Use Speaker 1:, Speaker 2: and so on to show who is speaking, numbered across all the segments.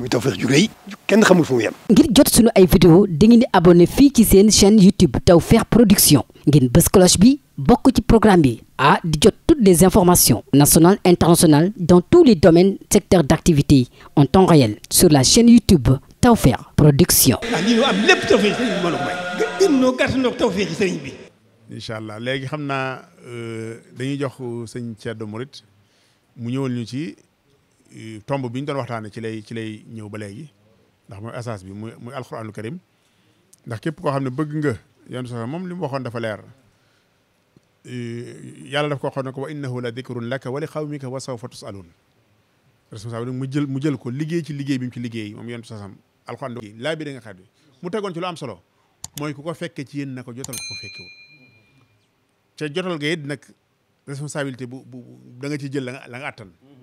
Speaker 1: muy Tawfekh ju rëy kenn xamul fu mu ngir jot sunu ay vidéo dangeen di abonné fii ci seen chaîne YouTube Tawfekh Production ngeen bës bi bokk ci programme bi ah di jot toutes les informations nationales internationales dans tous les domaines secteurs d'activité en temps réel sur la chaîne YouTube Tawfekh Production.
Speaker 2: ah lii ñu am lépp Tawfekh sëriñ bi mbooloo mooy. gën gën ñoo gàtt ñoo
Speaker 1: Tawfekh allah léegi xam naa euh, dañuy jox sëñ Thierno Mouride mu ñëwal ñu ci. tomb bi ñu doon waxtaanee ci lay ci lay ñëw ba léegi ndax mooy asaas bi muy muy alxuraanul karim ndax képp koo xam ne bëgg nga yoon soxna moom li mu waxoon dafa leer yàlla daf ko waxoon ne ko wa innahu la dikrun laka wa mi ka wa sawfa tusalun responsable mu jël mu jël ko liggéey ci liggéey bi ci liggéey moom yoon soxna alxuraan laa bi da nga xat bi mu tegoon ci lu am solo mooy ku ko fekkee ci yéen na ko jotal ko fekkewul te jotal ga it nag responsabilité bu bu da nga ci jël la nga la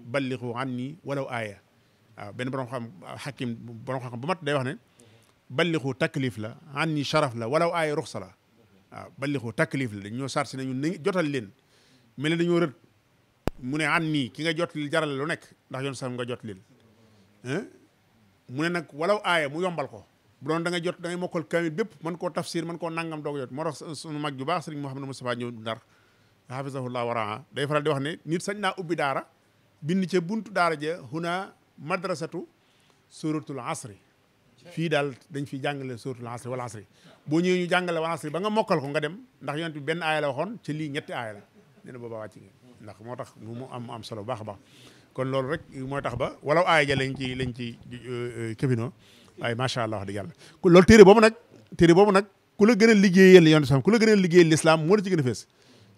Speaker 1: balligu anni walaw aaya benn borom xam xakim borom xam bu mat day wax ne balligu taklif la anni sharaf la walaw aaya ruxsa la waaw balligu taklif la dañoo sar nañu nañ jotal leen mel ne dañoo rët mu ne anni ki nga jot jotlil jaral lu nekk ndax yoon sam nga jotlil mu ne nag walaw aaya mu yombal ko bu doon da ngay jot da ngay mokkal kaamil bépp mën koo tafsir mën koo nangam doog jot moo tax mag ju baax sëriñ Mouhamadou Moustapha ñëw ndar xafisahullah waraa day faral di wax ne nit sañ naa ubbi daara bind ca buntu daara ja huna madrasatu suratul asri fii daal dañ fi jàngale suratul asri wal asri boo ñëwee ñu jàngale wal asri ba nga mokkal ko nga dem ndax yonent bi benn aaya la waxoon lii ñetti aaya la nee na booba wàcc nga ndax moo tax mu am am solo baax baax kon loolu rek mooy tax ba walaw aaya ja ci lañ ci euh, euh, këfinoo waaye macha allah wax dëgg yàlla loolu téere boobu nag téere boobu nag ku la gën a liggéeyal yonent sam ku a liggéeyal lislaam moo la ci gën a fees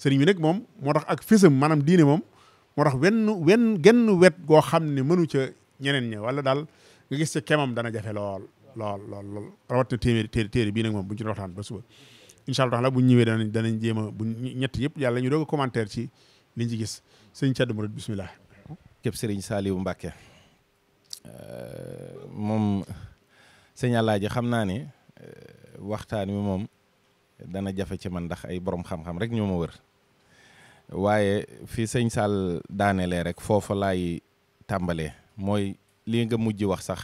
Speaker 1: sëriñ bi moom moo tax ak fésam maanaam diine moom moo tax wenn wenn genn wet goo xam ne mënu ca ñeneen ña wala daal nga gis ca kemam dana jafe lool lool lool lool rawatina téeméeri téere bii nag moom bu ñu ci doon waxtaan ba suba incha allah taala bu ñu ñëwee danañ danañ jéem a bu ñett yëpp yàlla ñu doog a commentaire ci liñ ci gis
Speaker 2: sëñ Thierno Mouride bisimilah. képp euh, sëriñ Saliou Mbacke moom sëñ Alaaji xam naa ne euh, waxtaan wi moom dana jafe ci man ndax ay borom xam-xam rek ñoo ma wër. waaye fi sëñ Sall daanelee rek foofa laay tàmbalee mooy li nga mujj wax sax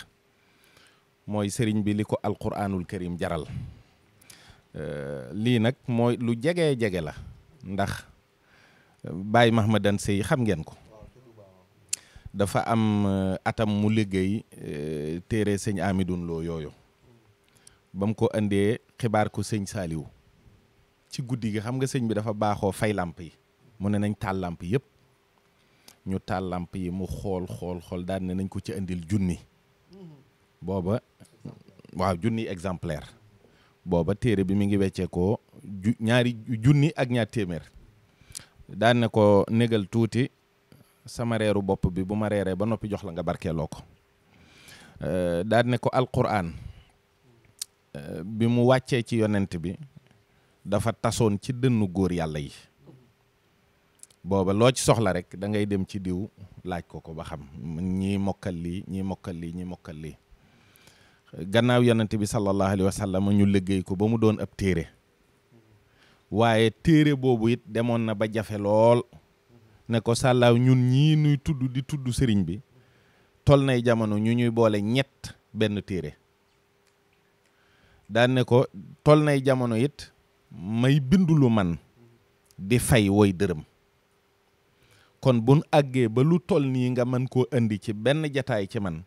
Speaker 2: mooy sëriñ bi li ko alquraanul karim jaral euh, lii nag mooy lu jege jege la ndax Baye Mahmadan Sey xam ngeen ko dafa am euh, atam mu liggéey euh, téere sëñ Amidun Lo yooyu ba ko indee xibaar ko sëñ Saaliw ci guddi gi xam nga sëñ bi dafa baaxoo fay làmp yi mu ne nañ taal làmp yëpp ñu taal làmp yi mu xool xool xool daal ne nañ ko ci indil junni booba waaw junni exemplaire booba téere bi mu ngi weccee ko ju ñaari junni ak ñaar téeméer daan ne ko négal tuuti sama reeru bopp bi bu ma reeree ba noppi jox la nga barkeeloo ko euh, daan ne ko alquran euh, bi mu wàccee ci yonent bi dafa tasoon ci dënnu góor yàlla yi booba loo ci soxla rek dangay dem ci diw laaj ko ko ba xam ñii mokkal lii ñii mokkal lii ñii gannaaw yonent bi sallallahu alayhi wa ñu liggéey ko ba mu doon ab téere waaye téere boobu it demoon na ba jafe lool ne ko sàllaaw ñun ñii nuy tudd di tudd sëriñ bi tol nay jamono ñu ñuy boole ñett benn téere daan ko tol nay jamono yit may bindulu man di fay woy dërëm kon buñ àggee ba lu toll nii nga mën koo indi ci benn jataay ci man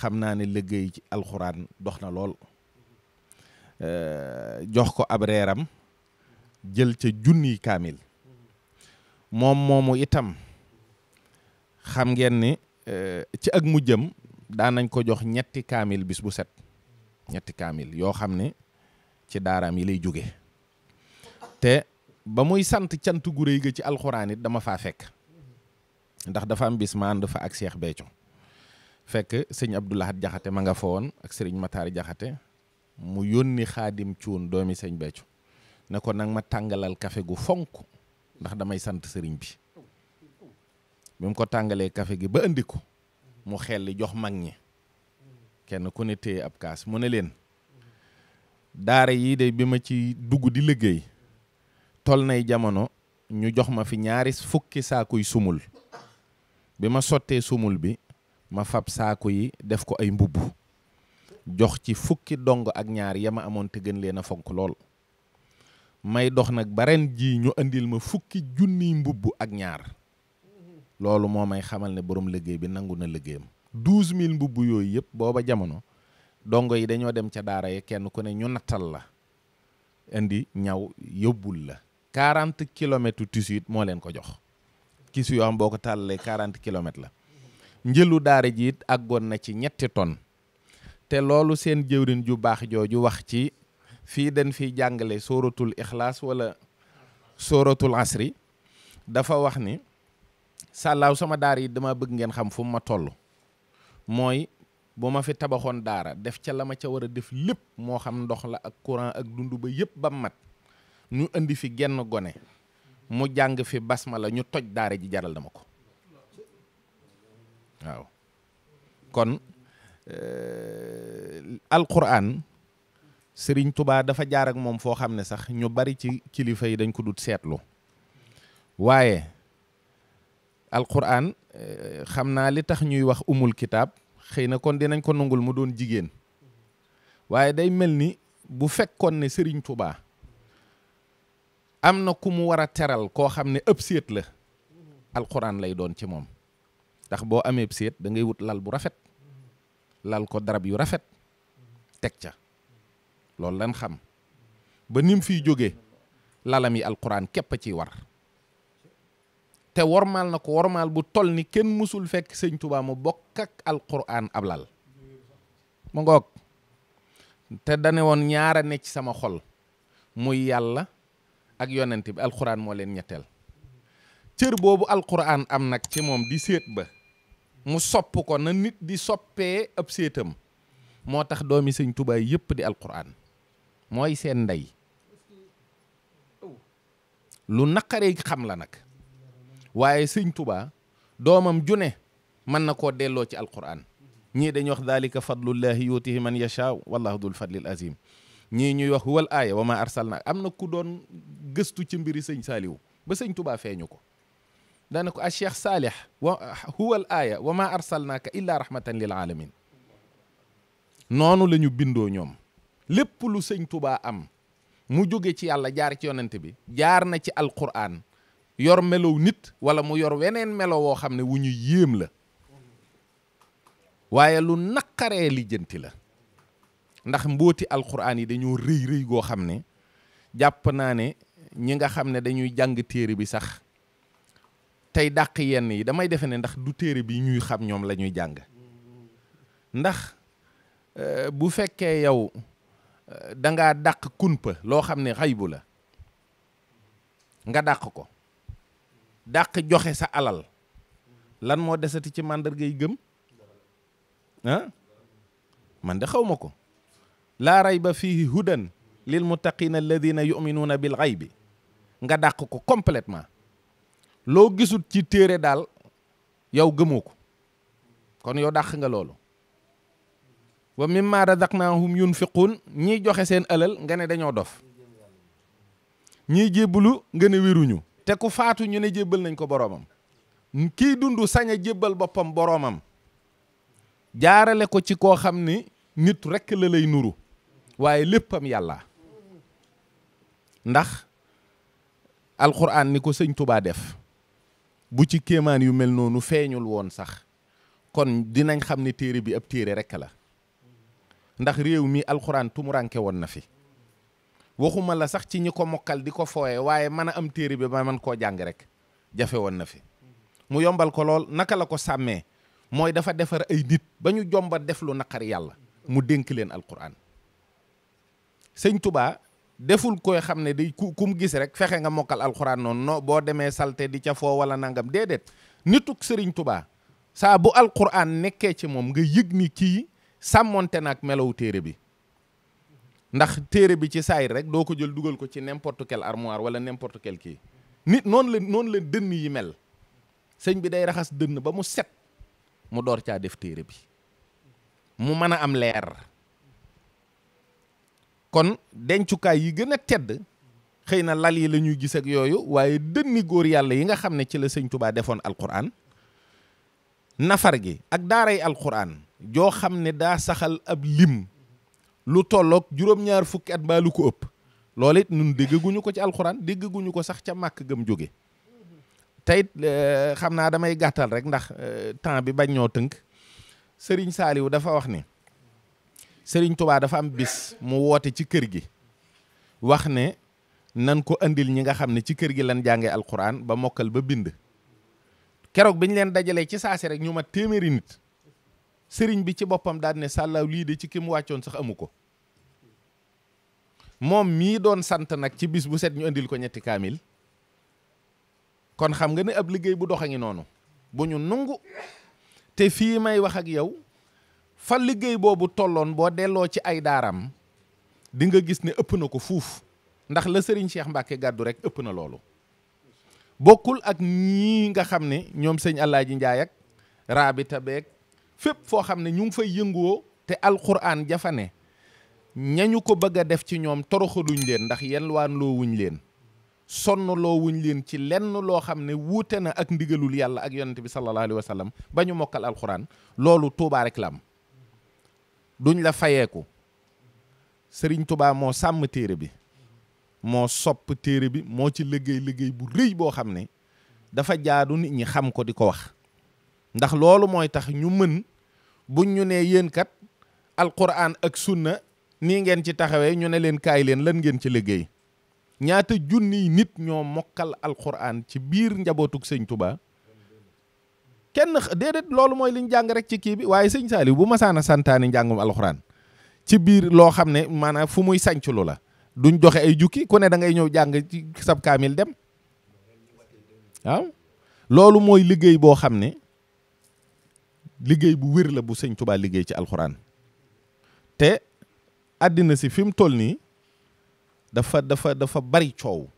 Speaker 2: xam naa ni liggéey ci alxuraan dox na lool euh, jox ko ab reeram jël ca junni kaamil moom moomu itam xam ngeen ni euh, ci ak mu jëm nañ ko jox ñetti kaamil bis bu set ñetti kaamil yoo xam ne ci daaraam yi lay jóge te ba muy sant cant gu ga ci alxuraan dama faa fekk ndax dafa am bis ma ànd fa ak Cheikh Béthio fekk sëñ Abdou Lahad Jaxate ma nga fa woon ak sëriñ Mataar Jaxate mu yónni xaadim cuun doomi sëñ Béthio ne ko nag ma tàngalal kafe gu fonk ndax damay sant sëriñ bi bi mu ko tàngalee kafe gi ba indi ko mu xelli jox mag ñi kenn ku ne téye ab kaas mu ne leen daara yii de bi ma ci dugg di liggéey tol nay jamono ñu jox ma fi ñaari fukki saakuy sumul bi ma sottee sumul bi ma fab saako yi def ko ay mbubb jox ci fukki dong ak ñaar ya ma amoon te gën leen a fonk lool may dox nag ba ji ñu indil ma fukki junniy mbubb ak ñaar loolu moo may xamal ne borom liggéey bi nangu na liggéeyam douze mille mbubb yooyu yëpp booba jamono dongo yi dañoo dem ca daara yi kenn ku ne ñu nattal la indi ñaw yóbbul la quarante kilomètres tissu it moo leen ko jox kiis yoo xam boo ko tàllalee quarante kilomètres la njëlu daara ji ak àggoon na ci ñetti ton te loolu seen jëwrin ju baax jooju wax ci fii dañ fiy jàngale sóoratul ixlaas wala sóoratul asri dafa wax ni sàllaaw sama daara yi dama bëgg ngeen xam fu mu ma toll mooy bu ma fi tabaxoon daara def ca la ma ca war a def lépp moo xam ndox la ak courant ak dund ba yëpp ba mat ñu indi fi genn gone mu jàng fi basma la ñu toj daara ji jaral dama ko waaw kon eh, alquran sëriñ tubaa dafa jaar ak moom foo xam ne sax ñu bari ci kilifa yi dañ ko dut seetlu waaye alquran eh, xam naa li tax ñuy wax umul kitaab xëy na kon dinañ ko nangul mu doon jigéen waaye day mel ni bu fekkoon ne sëriñ tubaa am na ku mu war a teral koo xam ne ëpp séet la alxuraan lay doon ci moom ndax boo amee séet da ngay wut lal bu rafet lal ko darab yu rafet teg ca loolu lan xam ba nim fiy jóge lalam yi alxuraan képp a ciy war te wormaal na ko wormaal bu tol ni kenn mësul fekk sëñ Tuubaa mu bokk ak alxuraan ab lal mu ngoog te dane woon ñaara ne ci sama xol muy yàlla ak yonent bi alxuraan moo leen ñetteel cër boobu alxuraan am nag ci moom di séet ba mu sopp ko na nit di soppee ab séetam moo tax doomi sëñ tubaay yépp di alxuraan mooy seen ndey lu naqaree xam la nag waaye sëñ tubaa doomam june mën na koo delloo ci alxuraan ñii dañuy wax daalika fadlullahi yuutihi man yashaa wallahu dul fadlil azim ñii ñuy wax wal aaya wa ma arsalna am na ku doon gëstu ci mbiri sëñ saaliwu ba sëñ tubaa feeñu ko daana ko a cheikh saalih wa huwal aaya wa ma arsalnaaka illa rahmatan lil alamin noonu lañu bindoo ñoom lépp lu sëñ tubaa am mu jóge ci yàlla jaar ci yonent bi jaar na ci alquran yor melow nit wala mu yor weneen melo woo xam ne wu ñu yéem la waaye lu naqaree lijjanti la ndax mbóoti alxuraan yi dañoo rëy rëy goo xam ne jàpp naa ne ñi nga xam ne dañuy jàng téere bi sax tey dàq yenn yi damay defe ne ndax du téere bi ñuy xam ñoom la ñuy jàng ndax euh, bu fekkee yow euh, da dàq kunpa loo xam ne xaybu la nga dàq ko dàq joxe sa alal lan moo desati ci màndargay gëm man de xawma ko laa rayba fiihi hudan lil muttaqina alladina yuminuuna bil bi nga dàq ko complètement loo gisul ci téere daal yow gëmoo ko kon yow dàq nga loolu wa mimma yun yunfiquun ñiy joxe seen alal nga ne dañoo dof ñiy jébbalu nga ne wéruñu te ku faatu ñu ne jébbal nañ ko boroomam kiy dundu sañ a jébbal boppam boroomam jaarale ko ci koo xam ni nit rekk la lay nuru waaye léppam yàlla ndax alxuraan ni ko sëñ tubaa def bu ci kéemaan yu mel noonu feeñul woon sax kon dinañ xam ne téere bi ab téere rekk la ndax réew mii alxuraan tumuraanke woon na fi waxuma la sax ci ñi ko mokkal di ko fooye waaye mën a am téere bi ba man koo jàng rek jafe woon na fi mu yombal ko lool naka la ko sàmmee mooy dafa defar ay nit ba ñu jomba def lu naqar yàlla mu dénk leen alxuraan sëñ tubaa deful koy xam ne day ku ku mu gis rek fexe nga mokkal alxuraan noonu no boo demee salte di cafoo foo wala nangam déedéet nituk sëriñ tubaa saa bu alxuraan nekkee ci moom nga yëg ni kii sàmmonte naak melow téere bi ndax téere bi ci saay rek doo ko jël dugal ko ci n'importe quel armoire wala n'importe kii nit noonu la noonu la dënn yi mel sëñ bi day raxas dënn ba mu set mu door caa def téere bi mu mën a am leer kon dencukaay yi gën a tedd xëy na lal yi lañuy ñuy yooyu waaye dënni góor yàlla yi nga xam ne ci la sëñ tubaa defoon alquran nafar gi ak daaray alxuraan joo xam ne daa saxal ab lim lu tolloog juróom-ñaar fukki at mbaa lu ko ëpp loolu it nun déggaguñu ko ci alxuraan déggaguñu ko sax ca màkk gëm jóge teyit euh, xam naa damay gàttal rek ndax euh, temps bi bañ ñoo tënk sëriñ saaliw dafa wax ni sëriñ tubaa dafa am bis mu woote ci kër gi wax ne nan ko andil ñi nga xam ne ci kër gi lan jàngee alxuraan ba mokkal ba bind keroog bi ñu leen dajalee ci saasi rek ñu ma téeméeri nit sëriñ bi ci boppam daal ne sàllaaw lii de ci ki mu wàccoon sax amu ko moom mii doon sant nag ci bis bu set ñu andil ko ñetti kaamil kon xam nga ne ab liggéey bu dox a noonu bu ñu nungu te fii may wax ak yow fa liggéey boobu tolloon boo delloo ci ay daaram di nga gis ne ëpp na ko fuuf ndax la sëriñ Cheikh Mbacke gàddu rek ëpp na loolu bokkul ak ñii nga xam ne ñoom sëñ Alaaji Njaay ak raabita beeg fépp foo xam ne ñu ngi fay yënguwoo te alxuraan jafa ne ñañu ko bëgg a def ci ñoom toroxaluñ leen ndax yelwaan loo leen sonn loo leen ci lenn loo xam ne wuute na ak ndigalul yàlla ak yonent bi sallallahu alayhi wa sallam ba ñu mokkal alxuraan loolu tuubaa rek la duñ la fayeeku sëriñ tubaa moo sàmm téere bi moo sopp téere bi moo ci liggéey liggéey bu rëy boo xam ne dafa jaadu nit ñi xam ko di ko wax ndax loolu mooy tax ñu mën buñ ñu nee yéen kat alquran ak sunna nii ngeen ci taxawee ñu ne leen kaay leen lan ngeen ci liggéey ñaata junniy nit ñoo mokkal alquran ci biir njabootug sëñ tubaa kenn déedéet loolu mooy li jàng rek ci kii bi waaye sëñ saali bu masaana santaani njàngum alxuraan ci biir loo xam ne maanaam fu muy sañculu la duñ joxe ay jukki ku ne da ñëw jàng ci sab kaamil dem loolu mooy liggéey boo xam ne liggéey bu wér la bu sëñ Tuubaa liggéey ci alxuraan te àddina si fi mu toll nii dafa dafa dafa bari coow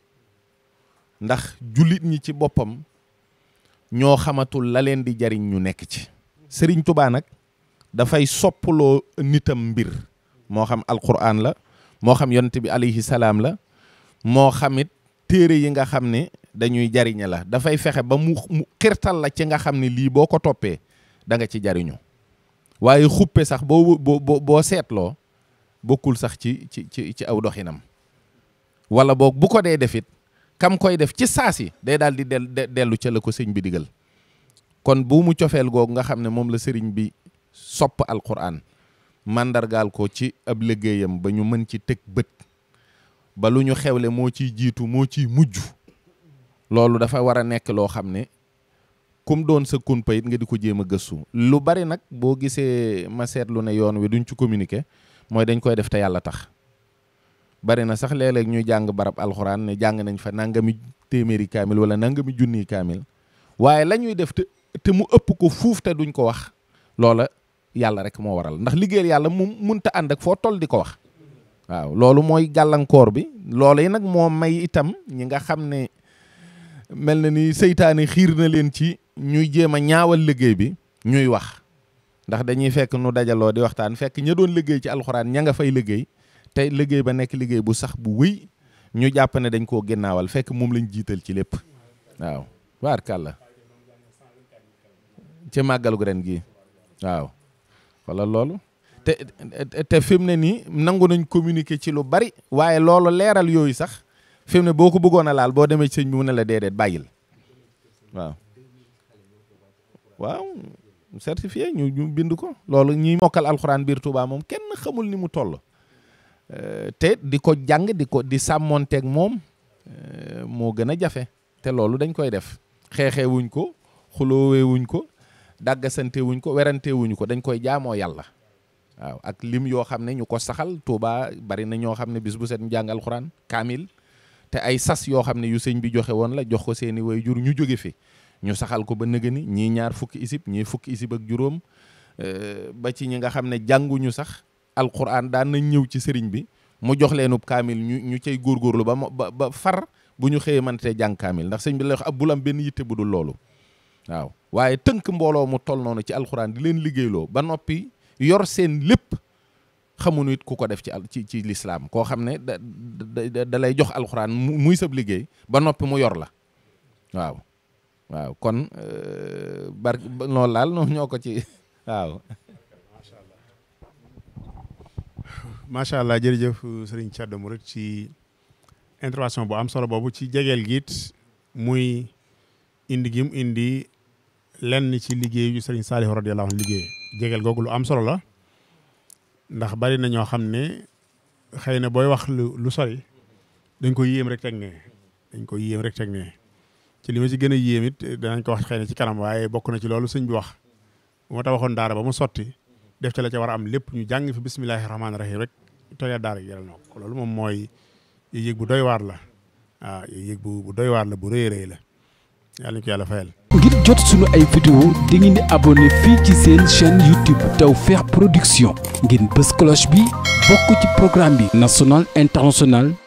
Speaker 2: ndax jullit ñi ci boppam ñoo xamatul la leen di jariñ ñu nekk ci sëriñ tubaa nag dafay soppaloo nitam mbir moo xam alquran la moo xam yonent bi alayhi salaam la moo xamit téere yi nga xam ne dañuy jariñe la dafay fexe ba mu xirtal la ci nga xam ne lii boo ko toppee da nga ci jariñu waaye xuppe sax boo boo boo seetloo bokkul sax ci ci ci ci aw doxinam wala boo bu ko dee defit kam koy def ci saas yi day daal di del dellu ca la ko sëñ bi digal kon buumu cofeel googu nga xam ne moom la sëriñ bi sopp alquran màndargaal ko ci ab liggéeyam ba ñu mën ci teg bët ba lu ñu xewle moo ciy jiitu moo ciy mujj loolu dafa war a nekk loo xam ne kum doon sa kumpa nga di ko jéem a gëstu lu bari nag boo gisee ma seetlu ne yoon wi duñ ci communiquer mooy dañ koy def te yàlla tax bari na sax léeg ñuy jàng barab alxuraan ne jàng nañ fa nangami téeméeri kaamil wala nangami junniy kaamil waaye lañuy def te te mu ëpp ko fuuf te duñ ko wax loola yàlla rek moo waral ndax liggéeyal yàlla mu munta ànd ak foo toll di ko wax waaw loolu mooy gàllankoor bi loolu yi nag moo may itam ñi nga xam ne mel na ni seytaane xiir na leen ci ñuy jéem a ñaawal liggéey bi ñuy wax ndax dañuy fekk nu dajaloo di waxtaan fekk ña doon liggéey ci alxuraan ña nga fay liggéey te liggéey ba nekk liggéey bu sax bu wéy ñu jàpp ne dañ koo ginnaawal fekk moom lañ jiital ci lépp waaw baarkàlla ci màggalu ren gi waaw wala loolu te te fi mu ne nii nangu nañ communiquer ci lu bari waaye loolu leeral yooyu sax fi ne boo ko bëggoon a laal boo demee sëñ bi mu ne la déedéet bàyyil waaw waaw certifié ñu ñu bind ko loolu ñi mokkal alxuraan biir Touba moom kenn xamul ni mu toll Euh, te di ko jàng di ko di sàmmoonteeg moom euh, moo gën a jafe te loolu dañ koy def xeexee wuñ ko xuloowee wuñ ko daggasante wuñ ko werante wuñ ko dañ koy jamoo yàlla waaw ak lim yoo xam ne ñu ko saxal Tuuba bari na ñoo xam ne bis bu set ñu jàng alxuraan kaamil te ay sas yoo xam ne yu sëñ bi joxe woon la jox ko seeni way jur ñu jóge fi ñu saxal ko ba nëga ñii ñaar fukki isib ñii fukki isib ak juróom euh, ba ci ñi nga xam ne jànguñu sax alquran daan nañ ñëw ci sëriñ bi mu jox leenub kaamil ñu ñu cay góorgóorlu ba ba ba far bu ñu xëyee mën tee jàng kaamil ndax sëriñ bi lay wax ab bul benn yitte bu dul loolu waaw waaye tënk mbooloo mu toll noonu ci alxuraan di leen liggéeyloo ba noppi yor seen lépp xamuñu it ku ko def ci ci ci lislaam koo xam ne da da lay jox alxuraan muy sab liggéey ba noppi mu yor la waaw waaw kon euh, bar loolu laal ñoo ko ci waaw
Speaker 1: macha allah jërëjëf euh, sëriñ Thierno Mouride ci intervention bu am solo boobu ci jegeel giit muy indi gim indi lenn ci liggéey yu sëriñ Saliou radiyallahu anhu liggéey jegeel googu lu am solo la ndax bari na ñoo xam ne xëy na booy wax lu lu sori dañ koy yéem rek teg ne dañ koy yéem rek teg ne ci li ma ci gën a yéem it danañ ko wax xëy na ci kanam waaye bokk na ci loolu sëñ bi wax moo ma waxoon daara ba mu sotti def ca la ca war a am lépp ñu jàngi fi bisimilahi rahmaani rahim rek tooya daara yaral na loolu moom mooy yëg bu doy la waaw ah, yëg bu bu la bu rëy rëy la yàlla ñu ko yàlla
Speaker 2: ngir jot sunu ay vidéo di ngeen di abonné fii ci seen chaîne YouTube Tawfekh Production ngeen bës cloche bi bokk ci programme bi national international.